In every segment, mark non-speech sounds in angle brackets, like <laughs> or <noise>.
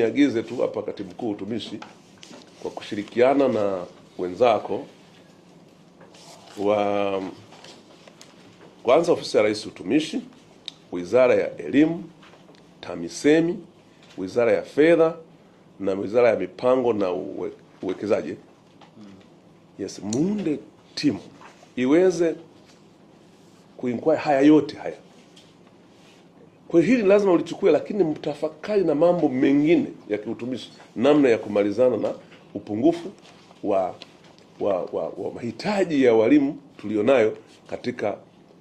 Niagize tu hapa Katibu Mkuu Utumishi, kwa kushirikiana na wenzako wa kwanza, Ofisi ya Rais Utumishi, Wizara ya Elimu, TAMISEMI, Wizara ya Fedha na Wizara ya Mipango na uwe, Uwekezaji, yes, muunde timu iweze kuinquire haya yote haya. Kwa hiyo hili lazima ulichukue, lakini mtafakari na mambo mengine ya kiutumishi, namna ya kumalizana na upungufu wa wa, wa, wa mahitaji ya walimu tulionayo katika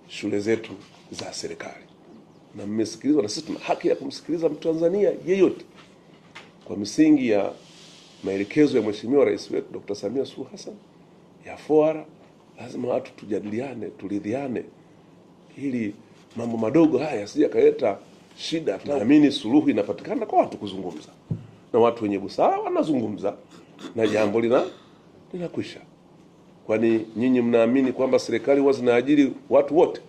shule zetu za serikali. Na mmesikilizwa, na sisi tuna haki ya kumsikiliza Mtanzania yeyote kwa misingi ya maelekezo ya Mheshimiwa Rais wetu Dr. Samia Suluhu Hassan ya 4 Lazima watu tujadiliane, turidhiane ili mambo madogo haya yasije kaleta shida. Naamini suluhu inapatikana kwa watu kuzungumza, na watu wenye busara wanazungumza na jambo lina linakwisha. Kwani nyinyi mnaamini kwamba serikali huwa zinaajiri watu wote?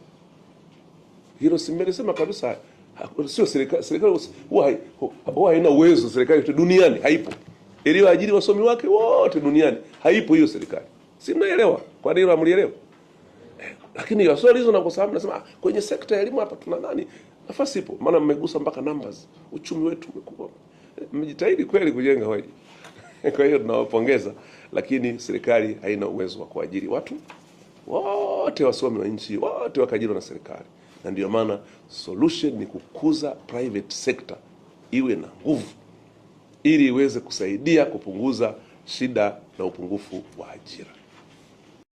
Hilo simelisema kabisa, sio serikali serikali huwa haina uwezo. Serikali yote duniani haipo iliyoajiri wasomi wake wote duniani, haipo hiyo serikali. Si mnaelewa? Kwa nini hamlielewa? Eh, lakini hiyo swali hizo nakosahamu, nasema ah, kwenye sekta ya elimu hapa tuna nani nafasi ipo, maana mmegusa mpaka numbers, uchumi wetu umekuwa, mmejitahidi kweli kujenga hoja. <laughs> Kwa hiyo tunawapongeza, lakini serikali haina uwezo wa kuajiri watu wote wasomi wa nchi wote wakajiriwa na serikali, na ndio maana solution ni kukuza private sector iwe na nguvu, ili iweze kusaidia kupunguza shida na upungufu wa ajira.